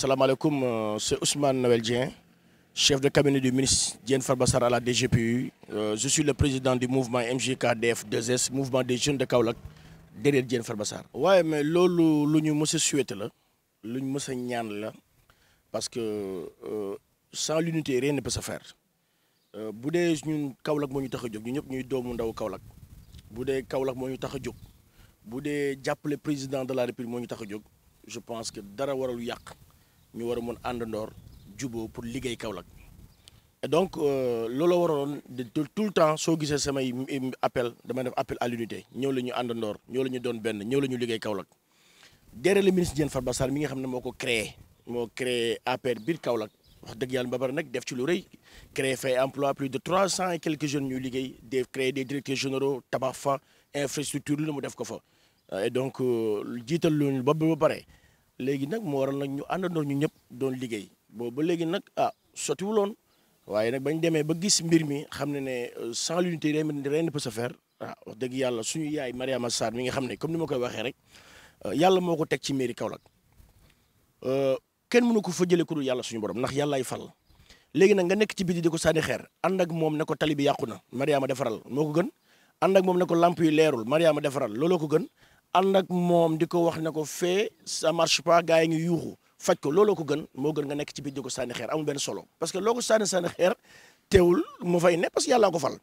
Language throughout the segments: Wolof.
salaamaaleykum euh, c'est Ousmane Noël Dieng chef de cabinet du ministre Diène Farba Sarr à la DGPU euh, je suis le président du mouvement MJKDF2S mouvement des jeunes de Kaolack derrière Diène Farba Sarr waaye mais loolu lu ñu mës a la lu ñu mës ñaan la parce que euh, sans l'unité rien ne peut faire bu dee ñu Kaolack moo ñu tax a jóg ñu ñëpp ñuy doomu ndaw Kaolack bu dee Kaolack moo ñu tax a jóg bu dee jàppale président de la République moo ñu tax a jóg je pense que dara warul yàq ñu war a mun àndandoor jubo pour liggéey Kaolack et donc euh, looloo waroon de tout le temps soo gisee samay appel damay def appel à l'unité ñëw la ñu àndandoor ñëw la ñu doon benn ñëw la ñu liggéey Kaolack derrière le ministre Diène Farba Sall mi nga xam ne moo ko créé moo créé APR biir Kaolack wax dëgg yàlla ba pare nag def ci lu rëy créé fay emploi plus de trois cent et quelques jeunes ñuy liggéey de créer des directeurs généraux tabax fa infrastructure lu mu def ko fa et donc euh, jiital loolu ba ba pare léegi nag moo waral nag ñu àndandoo ñu ñëpp doon liggéey boobu ba léegi nag ah sottiwuloon waaye nag bañ demee ba gis mbir mi xam ne ne euh, sans l'unité rien ne peut se ah, wax dëgg yàlla suñu yaay Mariama Sarr mi nga xam ne comme ni ma koy waxee rek euh, yàlla moo ko teg ci mairie Kaolack euh, kenn mënu ko fa jëlee ku dul yàlla suñu borom ndax yàllaay fal léegi nag nga nekk ci biti di ko saani xeer ànd ak moom ne ko tali bi yàqu na Mariama defaral moo ko gën ànd ak moom ne ko lamp yi leerul Mariama defaral looloo ko gën ànd nag moom di ko wax ne ko fee sa marche pas gars yi ngi yuuxu faj ko looloo ko gën moo gën nga nekk ci biir di ko sànni xeer amul benn solo parce que loo ko sànni sànni xeer teewul mu fay ne parce que yàllaa ko fal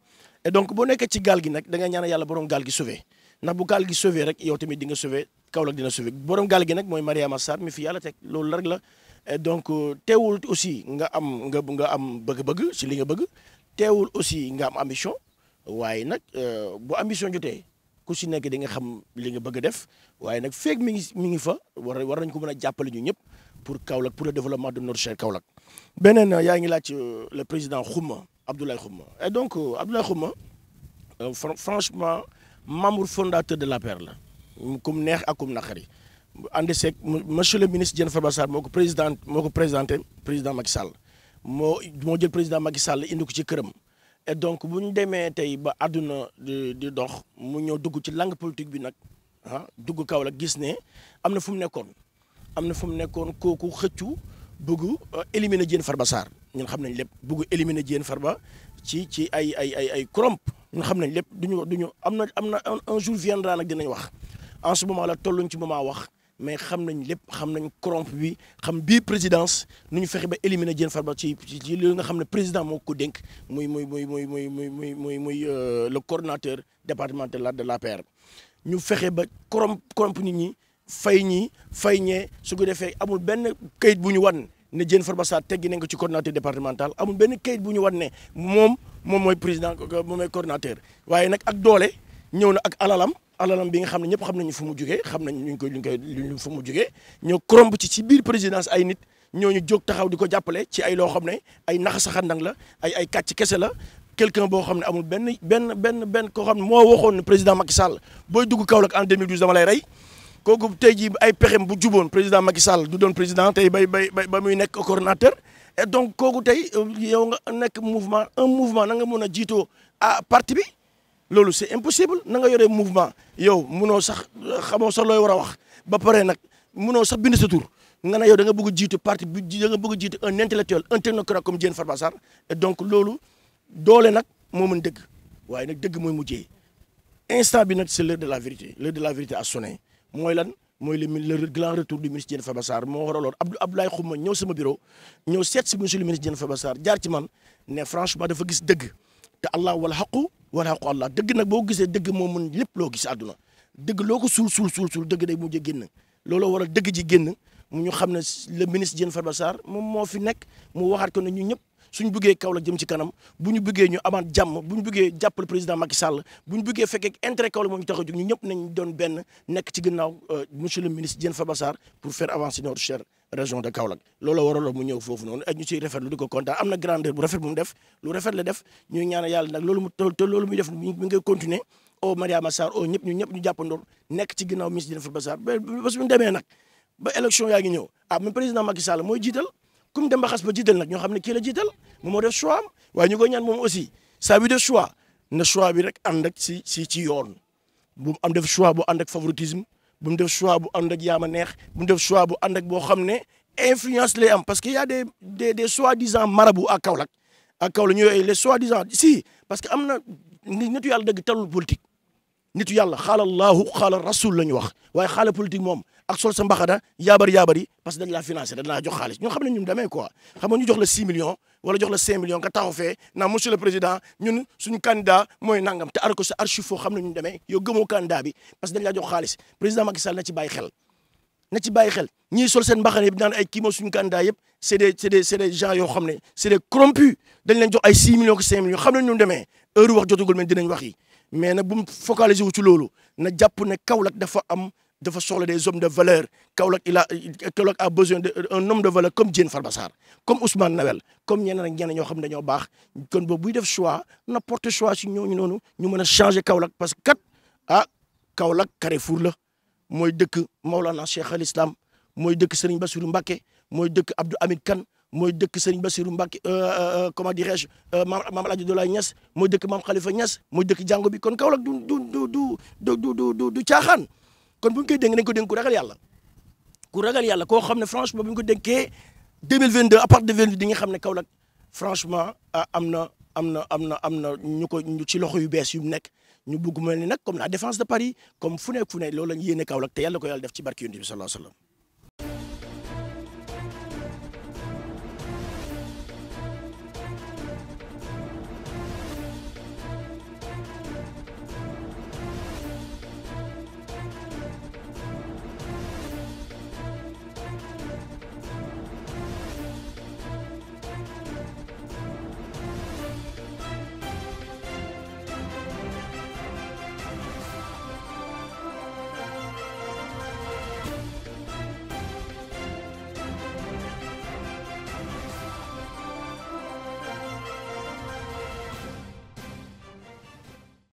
et donc boo nekkee ci gaal gi nag dangay ngay yàlla borom gaal gi sauvé ndax bu gaal gi sauvé rek yow tamit di nga sauvé Kaolack dina sauvé borom gaal gi nag mooy Mariama Sarr mi fi yàlla teg loolu rek la et donc euh, teewul aussi nga am nga nga am bëgg-bëgg si li nga bëgg teewul aussi nga am ambition waaye nag euh, bu ambition jotee ku si nekk di nga xam li nga bëgg a def waaye nag feeg mi ngi mi ngi fa war war nañ ko mën a jàppale ñu ñëpp pour Kaolack pour le développement de notre cher Kaolack. beneen euh, yaa ngi laaj euh, le président Xuma Abdoulaye Xuma et donc euh, Abdoulaye Xuma franchement membre fondateur de l'APR la kum neex ak kum naqari ànd seeg monsieur le ministre Diène Farba Sarr moo ko présidente moo ko présenté président Macky Sall moo moo jël président Macky Sall indi ko ci këram. et donc bu ñu demee tey ba àdduna di di dox mu ñëw dugg ci langue politique bi nag ah dugg kaw la gis ne am na fu mu nekkoon am na fu mu nekkoon kooku xëccu bëgg euh, éliminer Diène Farba Sarr ñun xam nañ lépp bëgg éliminer far ba ci ci ay ay ay ay corromp ñun xam nañ lépp duñu duñu am na am na un jour viendra nag dinañ wax en ce moment la tolluñ ci moment wax mais xam nañ lépp xam nañ corrompu bi xam bii présidence nu ñu fexe ba éliminer Diène Farba ci ci li nga xam ne président moo ko dénk muy muy muy muy muy muy muy muy euh, le coordonnateur la de l'APR ñu fexe ba corromp corrompu nit ñi fay ñi fay ñee su ko defee amul benn kayit bu ñu wan ne Diène Farba Sarr teggi nañ ko ci coordonnateur départemental amul benn kayit bu ñu wan ne moom moom mooy président moom mooy coordonnateur waaye nag ak doole ñëw na ak alalam. alalam bi nga xam ne ñëpp xam nañu fu mu jugee xam nañ luñ koy luñ koy luñ fu mu jugee ñoo kromb ci ci biir présidence ay nit ñooñu jóg taxaw di ko jàppale ci ay loo xam ne ay naxasaxandang la ay ay kàcc kese la quelqu'un boo xam ne amul benn benn benn benn koo xam ne moo waxoon ne président Macky Sall booy dugg Kaolack en 2012 dama lay rey kooku tey jii ay pexem bu juboon président Macky Sall du doon président tey bay bay ba muy nekk coordonnateur et donc kooku tey euh, yow nga nekk mouvement un mouvement na nga mën a jiitoo ah, parti bi loolu c' est impossible na nga yore mouvement yow munoo sax xamoo sax looy war a wax ba pare nag munoo sax bind sa tur nga ne yow da nga bëgg a parti bi da nga bëgg a jiitu un intellectuel un technocrate comme Diène Farba Sarr et donc loolu doole nag moo man dëgg waaye nag dëgg mooy mujjee instant bi nag c' est l'heure de la vérité l'heure de la vérité a sonné mooy lan mooy le le grand retour du ministre Diène Farba Sarr moo waraloon Abdou Abdoulaye Khouma ñëw sama bureau ñëw seet si monsieur le ministre Diène Farba Sarr jaar ci man ne franchement dafa gis dëgg te allah wala xaqu wala ko allah dëgg nag boo gisee dëgg moo mën lépp loo gis duna dëgg loo ko suul suul suul suul dëgg day mujj génn looloo waral dëgg ji génn mu ñu xam ne le ministre Diène Farba Sarr moom moo fi nekk mu waxaat ko ne ñu ñëpp suñ bëggee Kaolack jëm ci kanam bu ñu bëggee ñu amaat jàmm bu ñu président Macky Sall bu ñu bëggee fekkee intérêt Kaolack moo ñu tax a jóg ñu ñëpp nañ doon benn nekk ci gannaaw euh, monsieur le ministre Diène Farba Sarr pour faire avancer notre chère foofu noonu ak ñu ciy rafetlu di ko kontaan am na grandeur bu rafet bu mu def lu rafet la def ñuy ñaanal yàlla nag loolu mu te loolu muy def mi o Mariama Sarr o ñëpp ñu ñëpp ñu nag ba élection yaa ngi ñëw ah, jiital comme dem ba jiital nag ñoo xam ne kii la jiital moom moo def choix am waaye ñu ko ñaan moom aussi saa bi def na choix bi rek ànd ak si si ci yoon bu mu am def choix bu ànd ak favoritisme bu mu def choix bu ànd ak yaama neex bu mu def choix bu ànd ak boo xam ne influence lay am parce que y a des des des soi-disant marabout à Kaolack à Kaolack ñu les soi si parce que am na nitu yàlla dëgg talul politique. nitu yàlla xaala laahu xaala rasul la ñu wax waaye xaala politique moom a sol sa mbaxada yaabar yaabar yi parce que dañ laa financé dañ laa jox xaalis ñoo xam ne ñun demee quoi xam nga ñu jox la 6 millions. wala jox la 5 millions nga taxaw fee naa monsieur le président ñun suñu candidat mooy nangam te ar ko archive foo xam ne ñu demee yo gëmoo candidat bi parce que dañ laa jox xaalis président Macky Sall na ci bàyyi xel na ci bàyyi xel ñii sol seen mbaxane bi naan ay kii moo suñu candidat yëpp c'est des c'est des c'est des yoo xam ne c'est des corrompus dañ leen jox ay 6 millions que 5 millions xam nañ ñu demee heure wax jotagul men dinañ wax yi mais nag bu mu focaliser wu ci loolu na jàpp ne Kaolack dafa am dafa soxla des hommes de valeur Kaolack il a Kaolack a besoin d'un homme de valeur comme Diène Farba Sarr comme Ousmane Nawel comme ñeneen ak ñeneen ñoo xam ne baax kon boobu buy def choix na porte choix si ñooñu noonu ñu mën a changer Kaolack parce que kat ah Kaolack Carrefour la mooy dëkk Maolana Cheikh al Islam mooy dëkk Serigne Bassirou Mbacké mooy dëkk Abdou Hamid kan mooy dëkk Serigne Bassirou Mbacké euh, euh, euh, comment dirais-je maam maam El Hadj Abdoulaye Niass mooy dëkk maam Khalifa Niass mooy dëkk jàngo bi kon Kaolack du du du du du du kon bu ñu koy dénk nañ ko dénk ku ragal yàlla ku yàlla koo xam ne franchement bu ñu ko dénkee 2022 à partir de 2022 di nga xam ne Kaolack franchement ah, am na am na am na am na ñu ko ci loxo yu bees yu nekk ñu bugg mel ni nag comme la défense de Paris comme fu nekk fu nekk loolu la ñu te yàlla ko yàlla def ci barke Yonent bi sallallahu alayhi